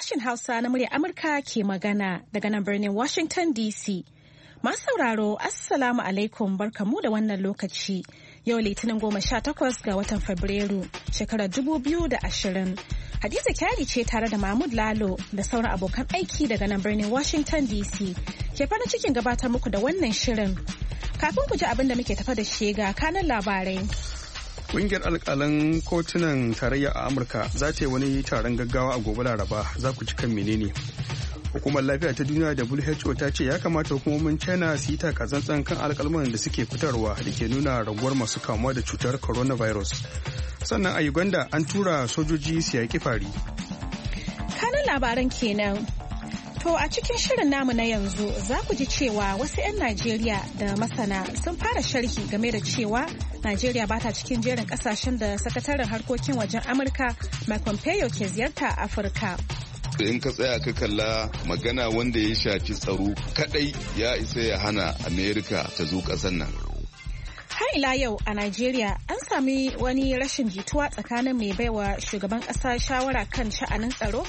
sashen Hausa na murya Amurka ke magana daga nan birnin Washington DC. Masu sauraro, Assalamu alaikum barkamu da wannan lokaci. Yau Litinin goma sha takwas ga watan Fabrairu, shekarar dubu biyu da ashirin. Hadiza Kyari ce tare da Mahmud Lalo da sauran abokan aiki daga nan birnin Washington DC. Ke farin cikin gabatar muku da wannan shirin. Kafin ku ji abin da muke tafa da shi ga kanan labarai. Ƙungiyar alƙalan kotunan tarayya a Amurka za ta yi wani taron gaggawa a gobe Laraba za ku ci kan menene. Hukumar lafiya ta duniya WHO ta ce ya kamata hukumomin China su yi takazantsan kan alƙalman da suke fitarwa da ke nuna raguwar masu kamuwa da cutar coronavirus. Sannan a Uganda an tura sojoji su yaƙi fari. Kanan labaran kenan To a cikin shirin namu na yanzu za ku ji cewa wasu 'yan Najeriya da masana sun fara sharhi game da cewa Najeriya ba ta cikin jerin kasashen da sakataren harkokin wajen Amurka Mike Pompeo ke ziyarta Afirka. in ka tsaya ka kalla magana wanda ya shafi tsaro kadai ya isa ya hana amerika ta zo kasan nan har ila yau a Najeriya an sami wani rashin jituwa tsakanin mai baiwa shugaban ƙasa shawara kan sha'anin tsaro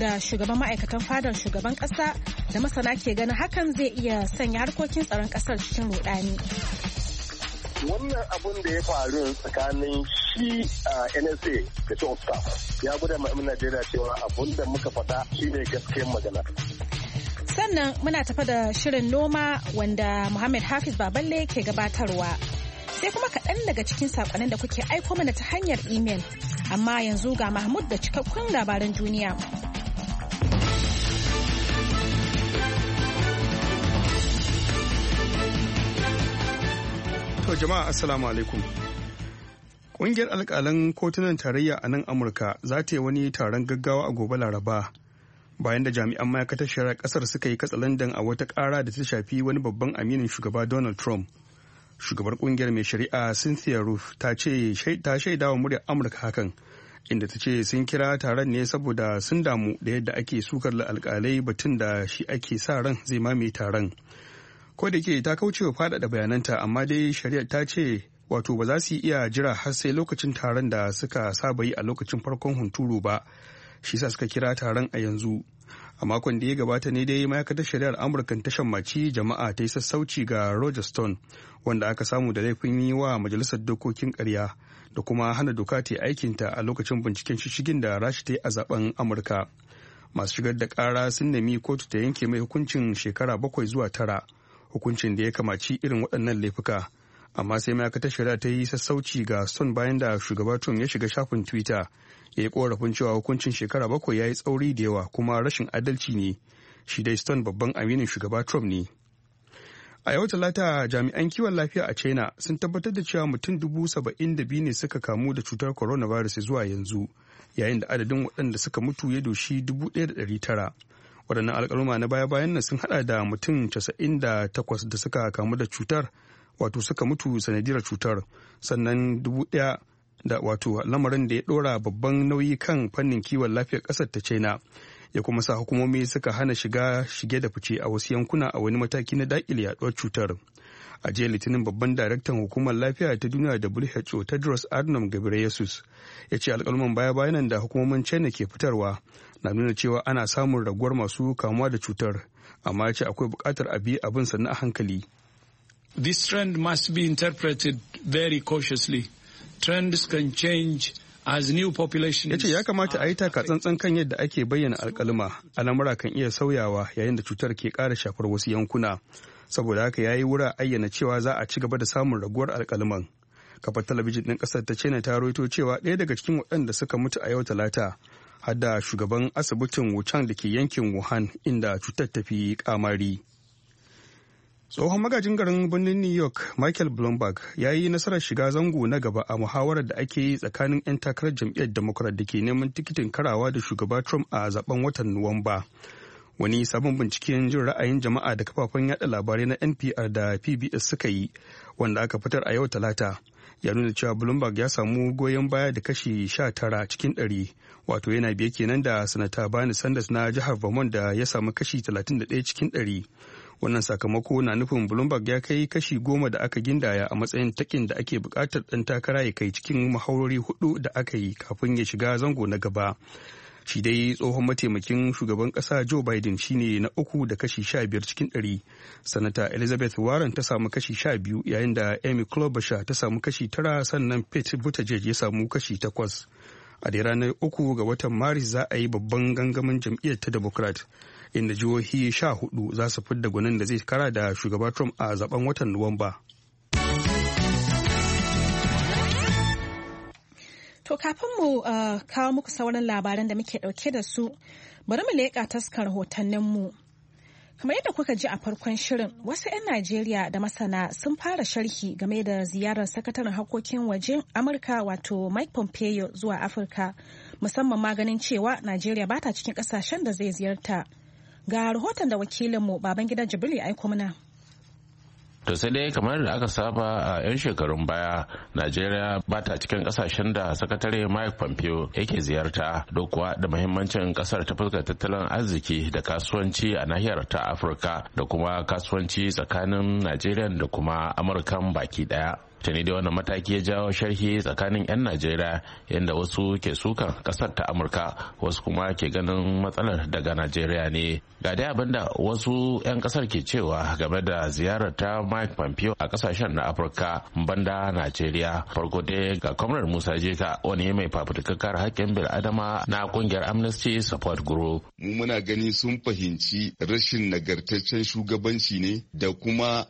da shugaban ma'aikatan fadar shugaban kasa da masana ke ganin hakan zai iya sanya harkokin tsaron kasar cikin rudani. wannan abun da ya faru tsakanin shi a nsa da shi ya gudu ma'amin najeriya cewa abun da muka faɗa shine gaskiyar magana sannan muna tafa da shirin noma wanda muhammad hafiz baballe ke gabatarwa sai kuma kaɗan daga cikin saƙonin da kuke aiko mana ta hanyar imel amma yanzu ga mahmud da cikakkun labaran duniya To jama'a assalamu alaikum. Ƙungiyar alƙalan kotunan tarayya a nan Amurka za ta yi wani taron gaggawa a gobe Laraba bayan da jami'an ma'aikatar shari'ar ƙasar suka yi katsalandan a wata ƙara da ta shafi wani babban aminin shugaba Donald Trump. Shugabar ƙungiyar mai shari'a Cynthia Roof ta ce ta shaida wa muryar Amurka hakan inda ta ce sun kira taron ne saboda sun damu da yadda ake sukar alƙalai batun da shi ake sa ran zai mamaye taron. ko da ke ta kauce wa faɗaɗa bayananta amma dai shari'ar ta ce wato ba za su iya jira har sai lokacin taron da suka saba yi a lokacin farkon hunturu ba shi sa suka kira taron a yanzu a makon da ya gabata ne dai ma'aikatar shari'ar amurka ta shammaci jama'a ta yi sassauci ga roger stone wanda aka samu da laifin yi wa majalisar dokokin karya da kuma hana doka ta aikinta a lokacin binciken shishigin da rashi ta yi a zaben amurka masu shigar da kara sun nemi kotu ta yanke mai hukuncin shekara bakwai zuwa tara hukuncin da ya kamaci irin waɗannan laifuka amma sai ma'aikatar shari'a ta yi sassauci ga son bayan da shugaba trump ya shiga shafin twitter ya yi korafin cewa hukuncin shekara bakwai ya yi tsauri da yawa kuma rashin adalci ne shi dai stone babban aminin shugaba trump ne a yau talata jami'an kiwon lafiya a china sun tabbatar da cewa mutum dubu saba'in da biyu ne suka kamu da cutar coronavirus zuwa yanzu yayin da adadin waɗanda suka mutu ya doshi dubu ɗaya da ɗari tara waɗannan alƙaluma na baya-bayan nan sun haɗa da mutum 98 da suka kamu da cutar wato suka mutu sanadiyar cutar sannan dubu ɗaya da wato lamarin da ya ɗora babban nauyi kan fannin kiwon lafiyar ƙasar ta china ya kuma sa hukumomi suka hana shiga shige da fice a wasu yankuna a wani mataki na daƙile yaduwar cutar a jiya litinin babban daraktan hukumar lafiya ta duniya who tedros gabriel yesus ya ce alƙaluman baya-bayanan da hukumomin china ke fitarwa na nuna cewa ana samun raguwar masu kamuwa da cutar amma ya ce akwai bukatar a bi abin sannu a hankali This trend must be interpreted very cautiously. Trends can change as new population. Yace ya kamata a yi taka tsantsan kan yadda ake bayyana alkalma al'amura kan iya sauyawa yayin da cutar ke kara shafar wasu yankuna. Saboda haka ya yi wura ayyana cewa za a ci gaba da samun raguwar alkalman. Kafar talabijin ɗin ƙasar ta na ta rawaito cewa ɗaya daga cikin waɗanda suka mutu a yau talata har da shugaban asibitin wuchang da ke yankin wuhan inda cutar ta fi kamari tsohon magajin garin birnin new york michael bloomberg ya yi nasarar shiga zango na gaba a muhawarar da ake yi tsakanin 'yan takarar jam'iyyar democrat da ke neman tikitin karawa da shugaba trump a zaben watan nuwamba wani sabon binciken jin ra'ayin jama'a da kafafen yada labarai na npr da pbs suka yi wanda aka fitar a yau talata ya nuna cewa bloomberg ya samu goyon baya da kashi 19 cikin 100 wato yana biye kenan da sanata bani sanders na jihar vermont da ya samu kashi 31 cikin 100 wannan sakamako na nufin bloomberg ya kai kashi goma da aka gindaya a matsayin takin da ake bukatar ɗan takara ya kai cikin mahaurori hudu da aka yi kafin ya shiga zango na gaba shi dai tsohon mataimakin shugaban kasa joe biden shine na uku da kashi sha biyar cikin ɗari sanata elizabeth warren ta samu kashi sha biyu yayin da amy klobuchar ta samu kashi tara sannan pete buttigieg ya samu kashi takwas a dai ranar uku ga watan maris za a yi babban gangamin jam'iyyar ta democrat inda jihohi sha hudu za su fidda gwanin da zai kara da shugaba trump a zaben watan nuwamba To kafin mu uh, kawo muku sauran labaran da muke ɗauke da su, bari mu leƙa taskar hotonninmu. Kamar yadda kuka ji a farkon shirin, wasu 'yan Najeriya da masana sun fara sharhi game da ziyarar sakataren harkokin waje Amurka wato Mike Pompeo zuwa Afirka, musamman maganin cewa Najeriya ba ta cikin ƙasashen da zai ziyarta. Ga rahoton da wakilinmu Babangida Jibril ya aiko mana. to sai dai kamar da aka saba a 'yan shekarun baya najeriya ba ta cikin kasashen da sakatare mike pompeo yake ziyarta dokuwa da mahimmancin kasar ta fuskar tattalin arziki da kasuwanci a nahiyar ta afirka da kuma kasuwanci tsakanin najeriya da kuma amurkan baki daya tuni da wannan mataki ya jawo sharhi tsakanin 'yan najeriya yadda wasu ke sukan kasar ta amurka wasu kuma ke ganin matsalar daga najeriya ne ga dai abinda wasu 'yan kasar ke cewa game da ziyarar ta mike pompeo a kasashen na afirka banda najeriya farko dai ga kwamnar musa jeka wani mai fafutukar haƙƙin bil adama na kungiyar amnesty support group mu muna gani sun fahimci rashin nagartaccen shugabanci ne da kuma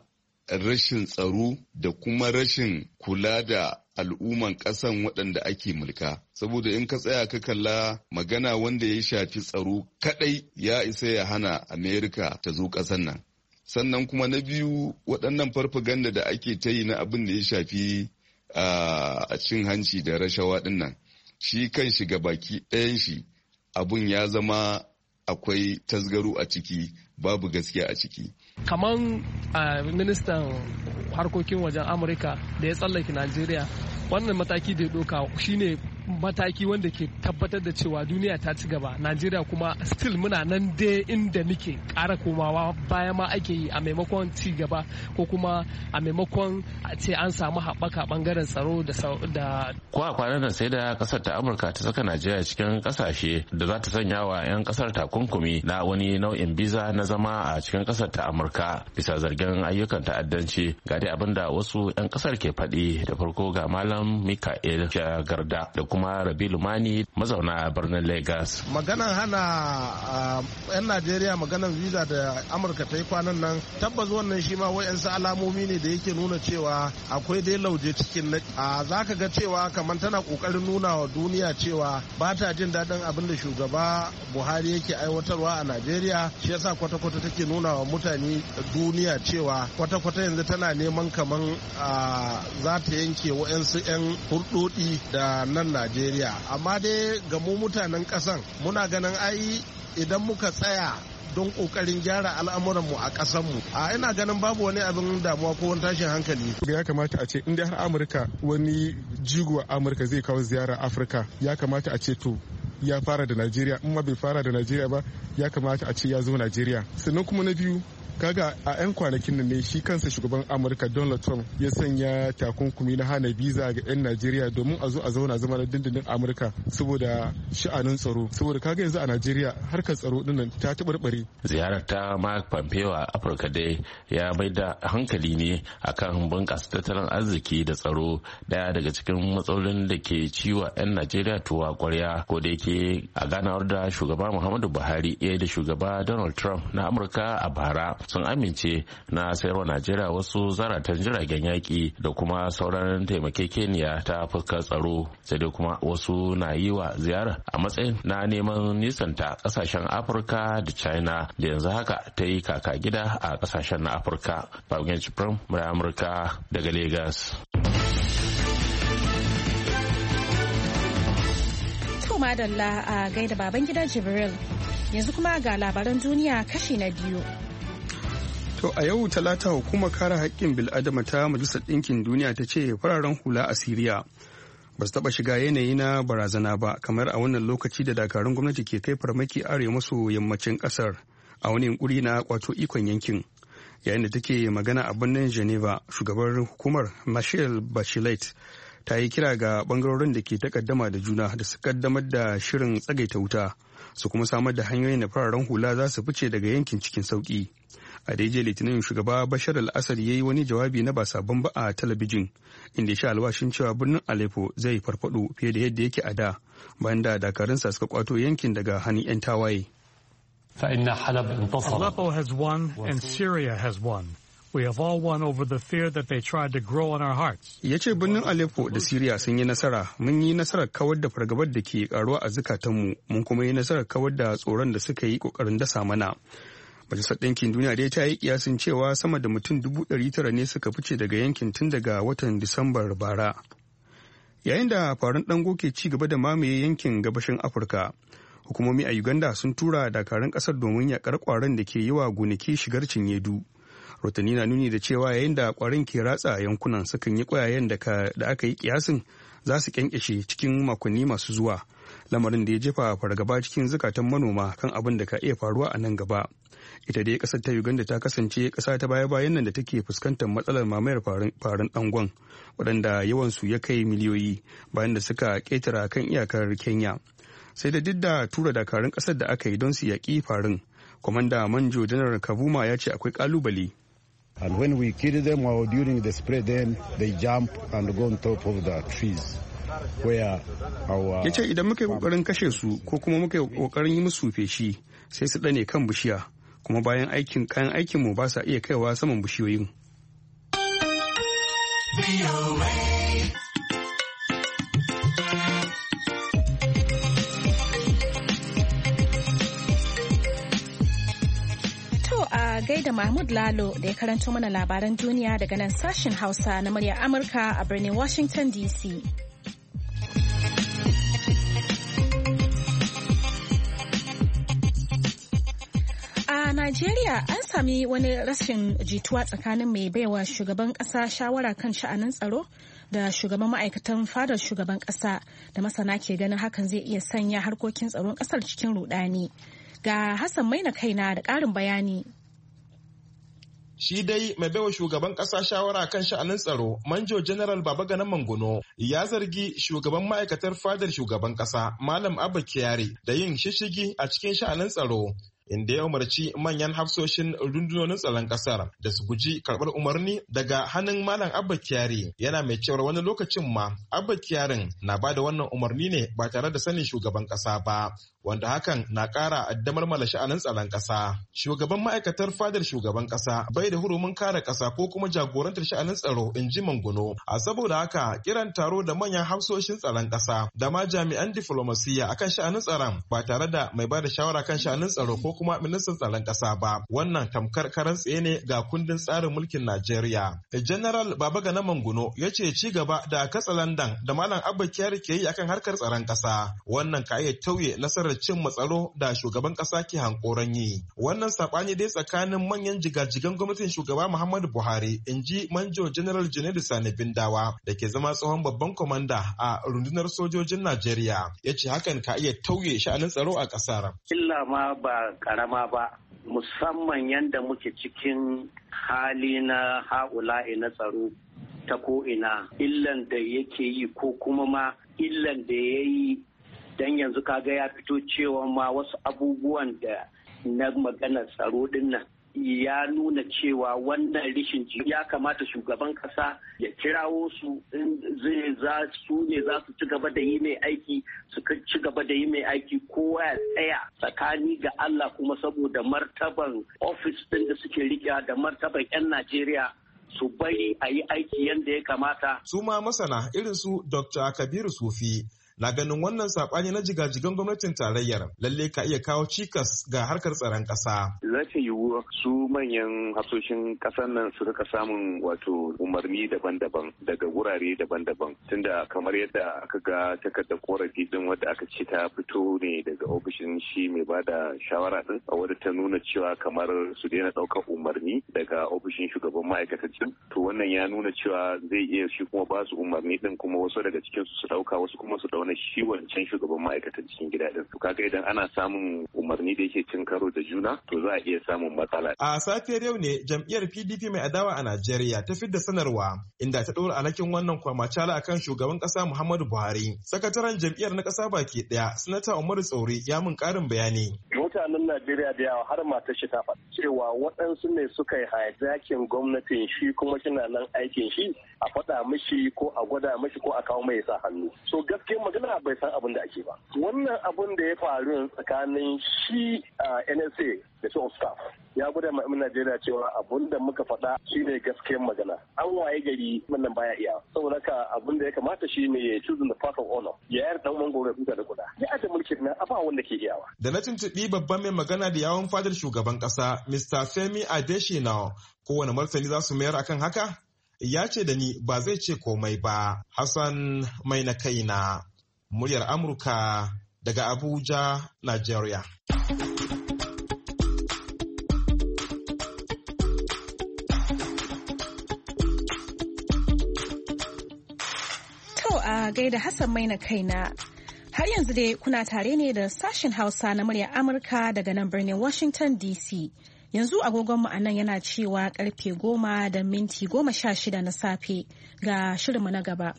rashin tsaro da kuma rashin kula da al'umman ƙasan waɗanda ake mulka. Saboda in ka tsaya ka kalla magana wanda ya shafi tsaro kaɗai ya isa ya hana Amerika ta zo ƙasan nan. Sannan kuma na biyu waɗannan farfaganda da ake ta yi na abin da ya shafi a cin hanci da rashawa ɗin nan. Shi kan shiga baki ɗayan shi abun ya zama akwai tasgaro a ciki babu gaskiya a ciki kaman eh, ministan harkokin wajen amurka da ya tsallake najeriya wannan mataki da ya doka shine mataki wanda ke tabbatar da cewa duniya ta ci gaba najeriya kuma still muna nan dai inda muke ƙara komawa baya ma ake yi a maimakon ci gaba ko kuma a maimakon a ce an samu haɓaka ɓangaren tsaro da ko a kwanan nan sai da ƙasar ta amurka ta saka najeriya cikin ƙasashe da za ta sanya wa 'yan ƙasar takunkumi na wani nau'in biza na zama a cikin ƙasar ta amurka bisa zargin ayyukan ta'addanci ga dai abin da wasu 'yan ƙasar ke faɗi da farko ga malam mikael garda da kuma kuma rabi lumani mazauna birnin lagos maganan hana yan najeriya maganan visa da amurka ta yi kwanan nan tabbas wannan shi ma wayansu alamomi ne da yake nuna cewa akwai dai lauje cikin a za ka ga cewa kamar tana kokarin nuna wa duniya cewa ba ta jin daɗin abin da shugaba buhari yake aiwatarwa a najeriya shi yasa kwata-kwata take nuna wa mutane duniya cewa kwata-kwata yanzu tana neman kamar za ta yanke wayansu 'yan hurdodi da nan najeriya najeriya amma dai ga mu mutanen kasan muna ganin ai idan muka tsaya don kokarin gyara al'amuran mu a mu a ina ganin babu wani abin damuwa ko wani tashin hankali ya kamata a ce in dai har amurka wani jigo a amurka zai kawo ziyara afirka ya kamata a ce to ya fara da najeriya in ma bai fara da najeriya ba ya kamata a ce ya zo najeriya sannan kuma na biyu kaga a 'yan kwanakin nan ne shi kansa shugaban amurka donald trump ya sanya takunkumi na hana biza ga 'yan najeriya domin a zo a zauna zama na dindindin amurka saboda sha'anin tsaro saboda kaga yanzu a najeriya harkar tsaro dinnan ta taɓarɓare ziyarar ta mark pompeo a afirka dai ya mai da hankali ne akan bunƙasa tattalin arziki da tsaro daya daga cikin matsalolin da ke ciwa 'yan najeriya tuwa kwarya ko da yake a ganawar da shugaba muhammadu buhari ya da shugaba donald trump na amurka a bara sun amince na sayarwa najeriya wasu zaratan jiragen yaƙi da kuma sauran taimakekeniya ta fuskar tsaro sai dai kuma wasu na yi wa ziyarar a matsayin na neman nisanta ƙasashen afirka da china da yanzu haka ta yi kaka gida a ƙasashen na afirka babin Cipron, murai amurka daga lagos madalla a gaida baban gida jibril yanzu kuma ga labaran duniya kashi na biyu To a yau talata hukumar kare haƙƙin bil'adama ta Majalisar Ɗinkin Duniya ta ce fararen hula a Siriya ba su taɓa shiga yanayi na barazana ba kamar a wannan lokaci da dakarun gwamnati ke kai farmaki arewa maso yammacin ƙasar a wani yunkuri na kwato ikon yankin. Yayin da take magana a birnin Geneva shugabar hukumar Michelle Bachelet ta yi kira ga bangarorin da ke takaddama da juna da su kaddamar da shirin tsagaita wuta su kuma samar da hanyoyin da fararen hula za su fice daga yankin cikin sauki a daidai litinin shugaba bashar al-assad ya yi wani jawabi na ba sabon ba a talabijin inda ya sha alwashin cewa birnin aleppo zai farfado fiye da yadda yake a da bayan da dakarunsa suka kwato yankin daga hannun 'yan tawaye Aleppo has won and Syria has won. We have all won over the fear that they tried to grow in our hearts. Ya ce birnin Aleppo da Syria sun yi nasara, mun yi nasarar kawar da fargabar da ke karuwa a zukatanmu, mun kuma yi nasarar kawar da tsoron da suka yi kokarin dasa mana. Majalisar Ɗinkin Duniya dai ta yi kiyasin cewa sama da mutum dubu ɗari tara ne suka fice daga yankin tun daga watan Disambar bara. Yayin da farin ɗango ke ci gaba da mamaye yankin gabashin Afirka, hukumomi a Uganda sun tura dakarun ƙasar domin yaƙar ƙwaron da ke yi wa gonaki shigar cinyedu. Rotani na nuni da cewa yayin da ƙwarin ke ratsa yankunan sukan yi ƙwayayen da aka yi kiyasin za su kyankyashe cikin makonni masu zuwa. lamarin da ya jefa fargaba cikin zukatan manoma kan abin da ka iya faruwa a nan gaba ita dai kasar ta uganda ta kasance kasa ta baya-bayan nan da take fuskantar matsalar mamayar farin dangon waɗanda yawansu ya kai miliyoyi bayan da suka ƙetara kan iyakar kenya sai da duk da tura dakarun kasar da aka yi don su yaƙi farin kwamanda manjo janar kabuma ya ce akwai ƙalubale And when we kill them or during the spray, then they jump and go on top of the trees. Ya ce idan muka yi kokarin kashe su ko kuma muka yi kokarin yi musu feshi sai su ɗane kan bishiya kuma bayan aikin kayan aikinmu ba sa iya kaiwa saman bishiyoyin. gaida Mahmud Lalo da ya karanto mana labaran duniya daga nan sashen Hausa na murya Amurka a birnin Washington DC. A Najeriya an sami wani rashin jituwa tsakanin mai baiwa shugaban ƙasa shawara kan sha'anin tsaro da shugaban ma'aikatan fadar shugaban ƙasa da masana ke ganin hakan zai iya sanya harkokin tsaron ƙasar cikin rudani. Ga Hassan Maina kaina da ƙarin bayani Shi dai mai baiwa shugaban ƙasa shawara kan sha'anin tsaro, Manjo General Babagana Mangono, ya zargi shugaban ma'aikatar fadar shugaban ƙasa, Malam Abba Kyari, da yin shishigi a cikin sha'anin tsaro, inda ya umarci manyan hafsoshin rundunonin tsaron kasar da su guji karɓar umarni daga hannun malam abba kyari yana mai cewar wani lokacin ma abba kyarin na bada wannan umarni ne ba tare da sanin shugaban ƙasa ba wanda hakan na ƙara addamar mala sha'anin tsaron ƙasa. Shugaban ma'aikatar fadar shugaban ƙasa bai da hurumin kare ƙasa ko kuma jagorantar sha'anin tsaro in ji manguno. A saboda haka kiran taro da manyan hausoshin tsaron ƙasa da ma jami'an diflomasiyya akan sha'anin tsaron ba tare da mai ba da shawara kan sha'anin tsaro ko kuma ministan tsaron ƙasa ba. Wannan tamkar karan tsaye ne ga kundin tsarin mulkin Najeriya. General Babagana Manguno ya ce ci gaba da katsalandan da Malam Abba Kyari ke yi akan harkar tsaron ƙasa. Wannan ka iya tauye nasarar da cin matsaro da shugaban ƙasa ke hankoron yi. Wannan saɓani dai tsakanin manyan jigajigan gwamnatin shugaba Muhammadu Buhari in ji Manjo General Junaidu Sani Bindawa da ke zama tsohon babban kwamanda a rundunar sojojin Najeriya ya ce hakan ka iya tauye sha'anin tsaro a ƙasar. Illa ma ba ƙarama ba musamman yadda muke cikin hali na ha'ula'i na tsaro ta ko ina, illan da yake yi ko kuma ma illan da yayi. don yanzu kaga ya fito cewa ma wasu abubuwan da na maganar tsaro din nan ya nuna cewa wannan rishin ya kamata shugaban kasa ya kirawo su zai za su ne za su ci gaba da yi mai aiki su ci gaba da yi mai aiki kowa ya tsaya tsakani ga Allah kuma saboda martaban ofis din da suke riƙe da martaban 'yan Najeriya su bari a yi aiki yadda ya kamata. Suma masana irin su Dr. Kabiru Sufi na ganin wannan saɓani na jigajigan gwamnatin tarayyar lalle ka iya kawo cikas ga harkar tsaron ƙasa. Rashin yiwuwa su manyan hasoshin ƙasar nan su rika samun wato umarni daban-daban daga wurare daban-daban tunda kamar yadda aka ga takardar korafi din wadda aka ce ta fito ne daga ofishin shi mai ba da shawara din wadda ta nuna cewa kamar su daina ɗaukar umarni daga ofishin shugaban ma'aikatan to wannan ya nuna cewa zai iya shi kuma ba su umarni din kuma wasu daga cikin su ɗauka wasu kuma su ɗauka. zamana shi wancan shugaban ma'aikatan cikin gida din to kaga idan ana samun umarni da yake cin karo da juna to za a iya samun matsala a safiyar yau ne jam'iyyar PDP mai adawa a Najeriya ta fidda sanarwa inda ta ɗora alhakin wannan kwamacala akan shugaban ƙasa Muhammadu Buhari sakataren jam'iyyar na ƙasa baki ɗaya sanata Umaru Tsauri ya mun ƙarin bayani mutanen Najeriya da yawa har mata shi ta faɗi cewa waɗansu ne suka yi hajakin gwamnatin shi kuma kina nan aikin shi a faɗa mishi ko a gwada mishi ko a kawo mai sa hannu so gaskiya magana bai san abin da ake ba wannan abin da ya faru tsakanin shi a NSA da su staff ya gwada ma'amin Najeriya cewa abun da muka faɗa shine gaskiyar magana an waye gari wannan baya iya saboda ka abin da ya kamata shi ne ya choose the path of honor ya yar dan wango da da kuda ya aje mulkin na afa wanda ke iyawa da na tuntubi babban mai magana da yawon fadar shugaban kasa Mr. Femi Adesina kowane martani za su mayar akan haka ya ce da ni ba zai ce komai ba. Hassan mai na kai na muryar Amurka daga Abuja, Nigeria. a gaida Hassan mai na kai na Har yanzu dai kuna tare ne da sashen Hausa na murya Amurka daga nan birnin Washington DC. Yanzu agogonmu a nan yana cewa karfe goma da minti goma sha shida na safe ga shirinmu na gaba.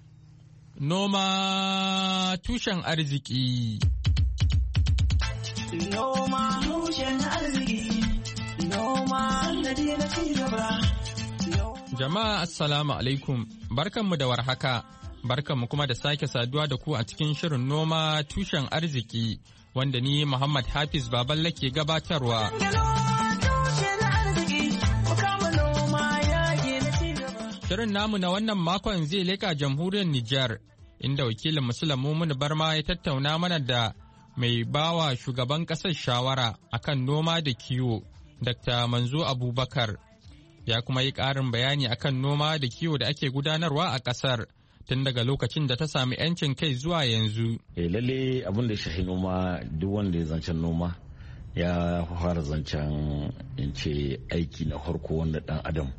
Noma tushen arziki. Noma tushen arziki. Noma na ci gaba. Jama'a Assalamu alaikum, barkanmu da warhaka, barkanmu kuma da sake saduwa da ku a cikin shirin noma tushen arziki wanda ni Muhammad Hafiz Baballe ke gabatarwa. Shirin namu na wannan makon zai leka jamhuriyar Nijar, inda wakilin Musulun Mumunu Barma ya tattauna mana da mai bawa shugaban ƙasar shawara akan noma da kiwo, Dr. Manzo Abubakar. Ya kuma yi karin bayani akan noma da kiwo da ake gudanarwa a ƙasar. tun daga lokacin da ta sami 'yancin kai zuwa yanzu. E lalle abin da ya shahi noma duk wanda ya zancen noma ya fara zancen in ce aiki na farko wanda dan adam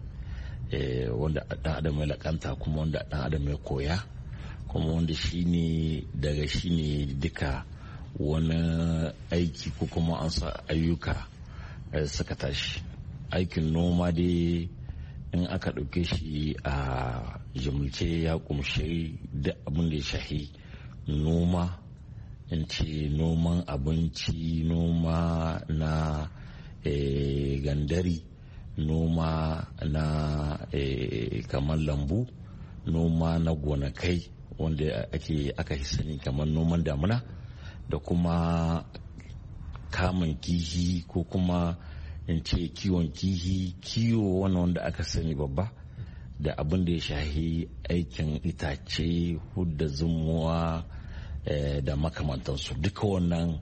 Eh, wanda dan adam ya lakanta kuma wanda dan adam ya koya kuma wanda ne daga shi ne duka wani aiki ko kuma an sa ayyuka eh, suka tashi aikin noma dai in aka ɗauke shi a jimilce ya kumshe da abin da ya shahi noma in ce noman abinci noma na eh, gandari noma na eh, kamar lambu noma na gonakai wanda ake aka sani kamar noman damuna da kuma kamun kihi ko kuma in ce kiwon kihi kiwo wani wanda aka sani babba da abin da ya shahi aikin itace hudda zumuwa eh, da makamantansu duka wannan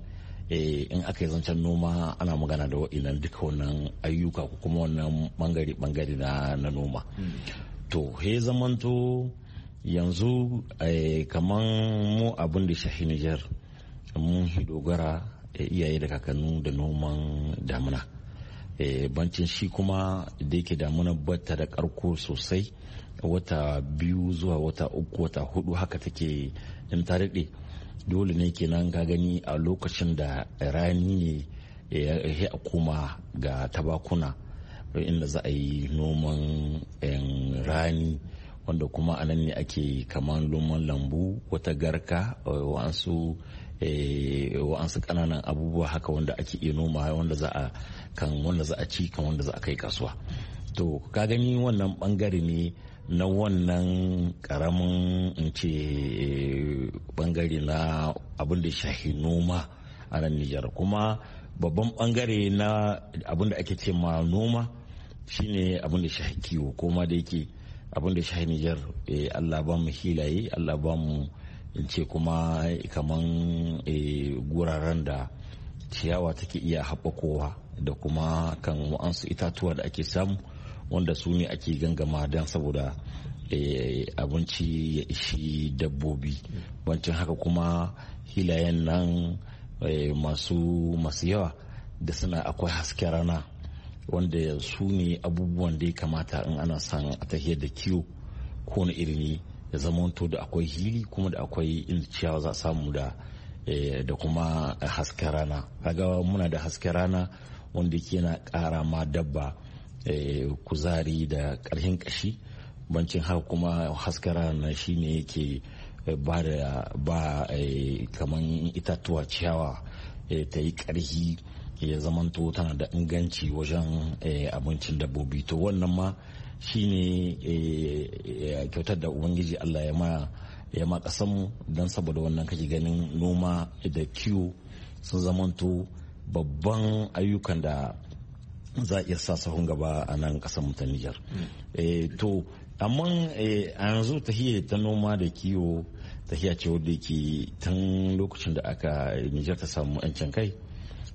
Eh, in aka yi zancen noma ana magana da wa'inan duka wannan ayyuka ko kuma wannan bangare-bangare na noma to he zamanto yanzu eh, kamar mu abin da shahi Nijar mun shi dogara eh, iyaye da kakannu da noman damuna bancin shi kuma da yake damuna bata da karko sosai wata biyu zuwa wata uku wata hudu haka take in ta daɗe dole ne kenan ka gani a lokacin da rani ne ya koma ga tabakuna inda za a yi noman rani wanda kuma a nan ne ake kamar noman lambu wata garka eh, wa'ansu eh, wa'ansu abubuwa haka wanda ake iya noma wanda za a ci kan wanda za a kai kasuwa to ka gani wannan bangare ne na wannan karamin in ce bangare eh, na abin da shahi noma a nan Nijar kuma babban bangare na abin da ake ce ma noma shine abin da shahi kiwo kuma da yake abin da shahi Nijar eh, Allah ba mu hilaye Allah ba mu in ce kuma kaman eh, guraren da ciyawa take iya haɓakowa da kuma kan wa'ansu itatuwa da ake samu wanda su ne ake gangama don saboda eh, abinci ya ishi dabbobi wancan haka kuma hilayen nan eh, masu masu yawa da suna akwai hasken rana wanda su ne abubuwan da ya kamata in ana san a tafiyar da kiwo ko na irini ya to da akwai hili kuma da akwai inda ciyawa za samu da eh, da kuma hasken rana kaga muna da hasken rana wanda yake yana kara ma dabba Eh, kuzari da ƙarhin ƙashi bancin haka kuma na shi shine yake eh, ba da ba eh, kaman itatuwa ciyawa ta yi ƙarhi ya zamanto tana da inganci wajen abincin dabbobi to wannan ma shine kyautar da ubangiji allah ya ma ya ma kasan don saboda wannan kake ganin noma da kiwo sun zamanto babban ayyukan da za a iya sa sahun gaba a nan kasar mu ta Nijar. Eh, to amma eh, a yanzu tahiyya ta noma da kiwo tahiya ce wadda ke tun lokacin da aka Nijar ta samu 'yancin kai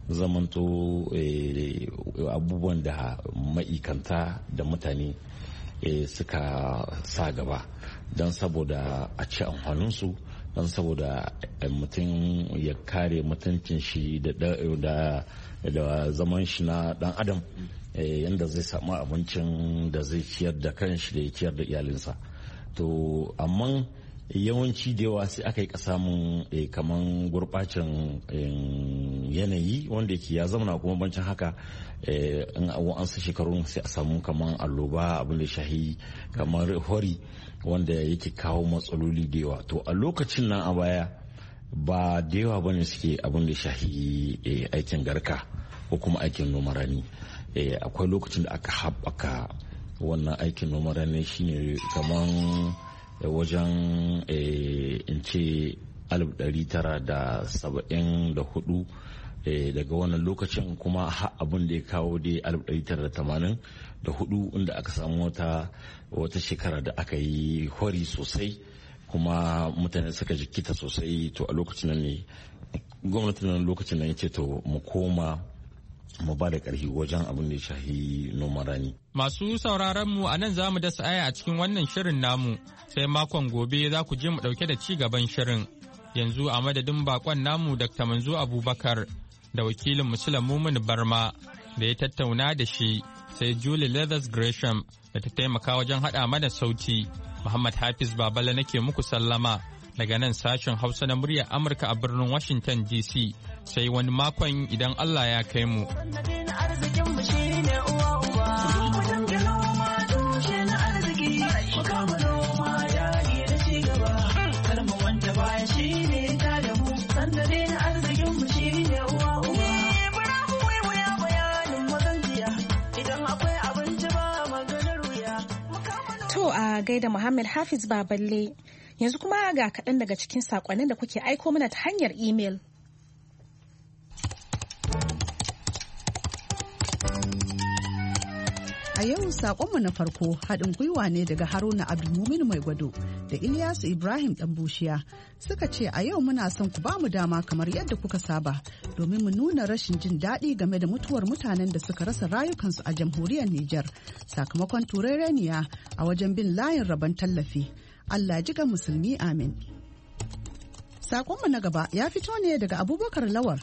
zamanto eh, abubuwan da ma'ikanta da mutane suka sa gaba don saboda a ci amfaninsu don saboda mutum ya kare mutuncin shi da da zaman shi na dan adam eh, yadda zai samu abincin da zai ciyar da kanshi da ya ciyar da iyalinsa to amma yawanci da yawa sai aka yi kasamun eh, kamar gurbacin eh, yanayi wanda yake ya zamana kuma bancin haka in an su shekaru sai a samu kaman alloba abin da shahi kamar hori wanda yake kawo matsaloli da yawa to a lokacin nan a baya ba da yawa bane suke abin da shahi eh, aikin garka ko kuma aikin noman rani eh, akwai lokacin da aka haɓaka wannan aikin noman rani shine kamar wajen eh, in ce 1974 daga wannan lokacin kuma abin da ya kawo dai 1980 da hudu inda aka samu wata shekara da aka yi hori sosai kuma mutane suka jikita sosai to a lokacin nan ne gwamnatin nan lokacin nan ya ce to mu koma mu ba da karfi wajen abin da ya shahi noman rani. Masu sauraron mu a nan za mu dasa aya a cikin wannan shirin namu sai makon gobe za ku je mu ɗauke da ci gaban shirin. Yanzu a madadin bakon namu Dr. Manzo Abubakar da wakilin Musulun Mumin Barma da ya tattauna da shi sai Julie Leathers Gresham da ta taimaka wajen haɗa mana sauti. Muhammad Hafiz Babala nake muku sallama daga nan sashen Hausa na muryar Amurka a birnin Washington DC sai wani makon idan Allah ya kai mu. a gaida Muhammad Hafiz Baballe. Yanzu kuma ga kaɗan daga cikin saƙonnin da kuke aiko mana ta hanyar imel. a yau saƙonmu na farko haɗin gwiwa ne daga Haruna Abdulmumin mai gwado da Ilyasu Ibrahim Ɗanbushiya suka ce a yau muna son ku bamu dama kamar yadda kuka saba domin mu nuna rashin jin daɗi game da mutuwar mutanen da suka rasa rayukansu a jamhuriyar Nijar sakamakon turereniya a wajen bin layin rabon tallafi. Allah ji ga musulmi amin. Sakonmu na gaba ya fito ne daga abubakar lawar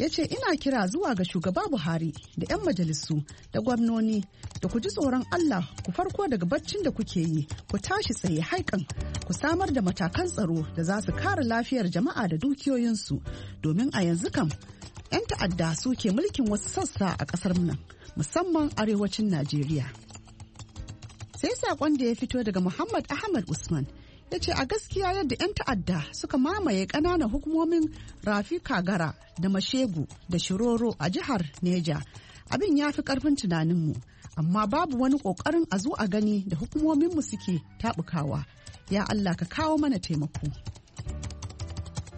ya ce ina kira zuwa ga shugaba buhari da 'yan majalisu da gwamnoni da ku ji tsoron allah ku farko daga baccin da kuke yi ku tashi tsaye haikan ku samar da matakan tsaro da za su kare lafiyar jama'a da dukiyoyinsu domin a yanzu kam 'yan ta'adda suke mulkin wasu sassa a kasar nan musamman arewacin najeriya sai saƙon da ya fito daga muhammad ahmad usman ya ce a gaskiya yadda 'yan ta'adda suka mamaye ƙananan hukumomin rafi kagara da mashegu da shiroro a jihar neja abin ya fi ƙarfin tunaninmu amma babu wani ƙoƙarin a zo a gani da hukumominmu suke taɓukawa ya allah ka kawo mana taimako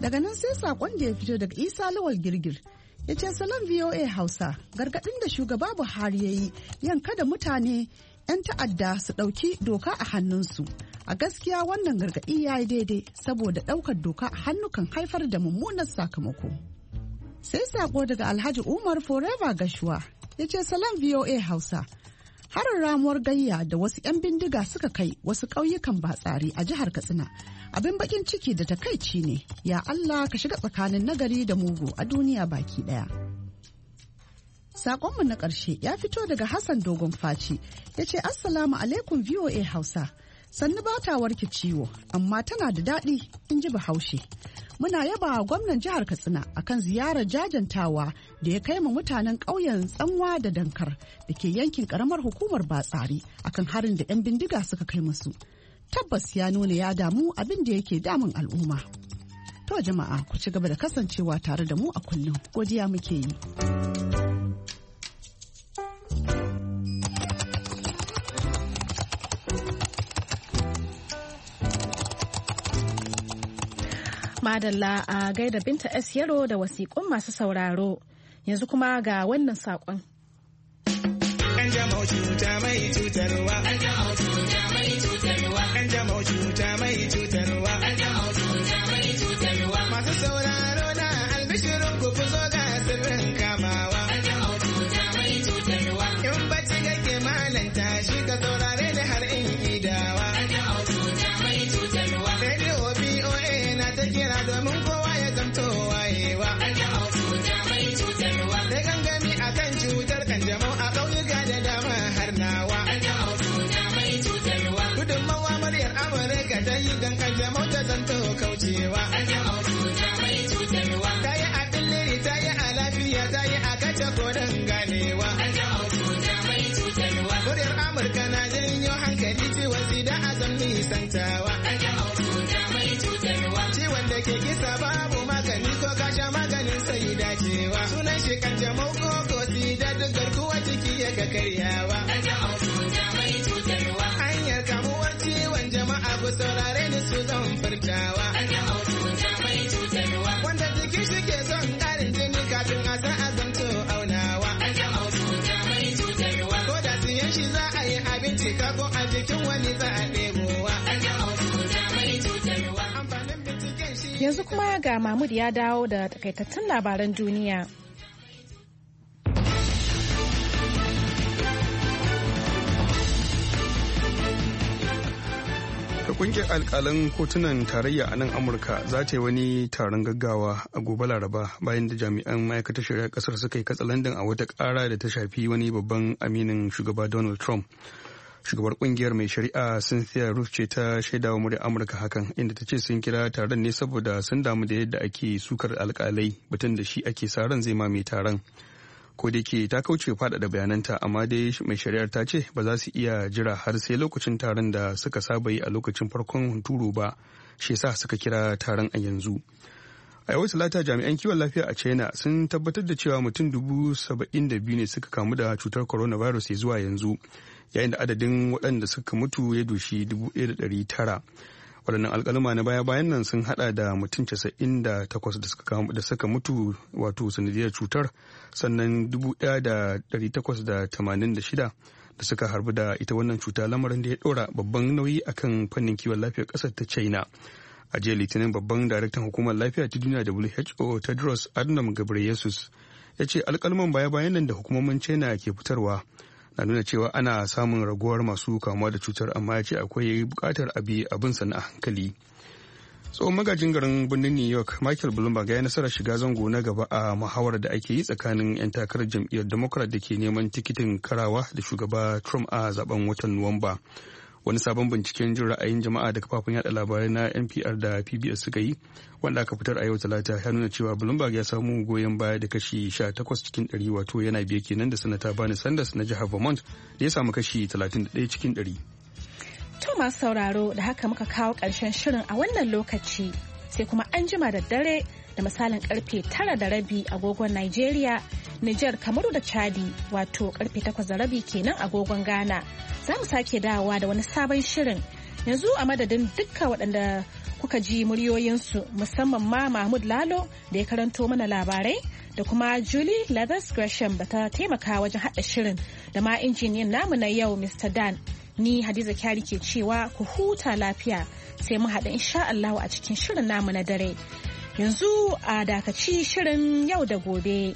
daga nan sai saƙon da ya fito daga isa lawal girgir ya ce salon voa hausa gargaɗin da shugaba buhari ya yi yanka da mutane 'yan ta'adda su ɗauki doka a hannunsu. A gaskiya wannan gargaɗi ya yi daidai saboda ɗaukar doka a hannu kan haifar da mummunan sakamako. Sai sako daga Alhaji Umar Forever Gashuwa ya ce salam VOA Hausa. Harin ramuwar gayya da wasu 'yan bindiga suka kai wasu ƙauyukan batsari a jihar Katsina. Abin bakin ciki da takaici ne, ya Allah ka shiga tsakanin nagari da mugu a duniya baki ɗaya. Sakonmu na ƙarshe ya fito daga Hassan Dogon Faci ya ce Assalamu alaikum VOA Hausa. Sannu ba ta warke ciwo, amma tana da daɗi in ji Bahaushe. Muna yaba gwamnan jihar Katsina akan ziyarar jajantawa da ya kai ma mutanen ƙauyen tsanwa da dankar da ke yankin ƙaramar hukumar batsari akan harin da 'yan bindiga suka kai musu. Tabbas ya nuna ya damu abin da yake damun al'umma. To jama'a ku ci gaba da kasancewa tare da mu a kullum. Godiya muke yi. Madalla a gaida Binta S. Yaro da wasiƙun masu sauraro. Yanzu kuma ga wannan saƙon. An cuta cewa sunan shi kan jamau ko si da duk garkuwa jiki ya ga karyawa. Hanyar kamuwar ciwon jama'a ku saurare ni su zan furtawa. yanzu kuma ga Mahmud ya dawo da takaitattun labaran duniya. Ka kungiyar alkalan kotunan tarayya a nan amurka za ta yi wani taron gaggawa a gobe laraba bayan da jami'an ma'aikatar shari'ar kasar suka yi katsalandan a wata ƙara da ta shafi wani babban aminin shugaba donald trump shugabar kungiyar mai shari'a cynthia ruth ce ta shaidawa murya amurka hakan inda ta ce sun kira taron ne saboda sun damu da yadda ake sukar alkalai batun da shi ake sa ran zai mame taron ko da ke ta kauce faɗaɗa bayananta amma dai mai shari'ar ta ce ba za su iya jira har sai lokacin taron da suka saba yi a lokacin farkon hunturu ba shi yasa suka kira taron a yanzu a yau talata jami'an kiwon lafiya a china sun tabbatar da cewa mutum dubu saba'in da biyu ne suka kamu da cutar coronavirus ya zuwa yanzu yayin da adadin waɗanda suka mutu ya doshi dubu tara waɗannan alƙaluma na baya-bayan nan sun haɗa da mutum casa'in da takwas da suka mutu wato sanadiyar cutar sannan dubu ɗaya da ɗari takwas da tamanin da shida da suka harbu da ita wannan cuta lamarin da ya ɗora babban nauyi akan fannin kiwon lafiyar ƙasar ta china a jiya litinin babban daraktan hukumar lafiya ta duniya who tedros adnam ghebreyesus ya ce alkalman baya-bayan nan da hukumomin china ke fitarwa na nuna cewa ana samun raguwar masu kamuwa da cutar amma ya ce akwai bukatar abi abin sana hankali tsohon magajin garin birnin new york michael bloomberg ya nasarar shiga zango na gaba a muhawarar da ake yi tsakanin 'yan takarar jam'iyyar democrat da ke neman tikitin karawa da shugaba trump a zaben watan nuwamba wani sabon binciken jin ra'ayin jama'a da kafafen yada labarai na npr da pbs suka yi wanda aka fitar a yau talata ya nuna cewa bloomberg ya samu goyon baya da kashi 18 cikin 100 wato yana biye kenan da sanata bani sanders na jihar vermont da ya samu kashi 31 cikin 100 to masu sauraro da haka muka kawo karshen shirin a wannan lokaci sai kuma an jima da dare da misalin karfe tara da rabi agogon Nigeria, Niger Kamaru da Chadi wato karfe takwas da rabi kenan agogon Ghana. Za mu sake dawowa da wani sabon shirin. Yanzu a madadin dukkan waɗanda kuka ji muryoyinsu musamman ma Mahmud Lalo da ya karanto mana labarai da kuma Julie Leathers Gresham da ta taimaka wajen haɗa shirin da ma injiniyan namu na yau Mr. Dan. Ni Hadiza Kyari ke cewa ku huta lafiya sai mu haɗa insha Allahu a cikin shirin namu na dare. Yanzu a dakaci shirin yau da gobe.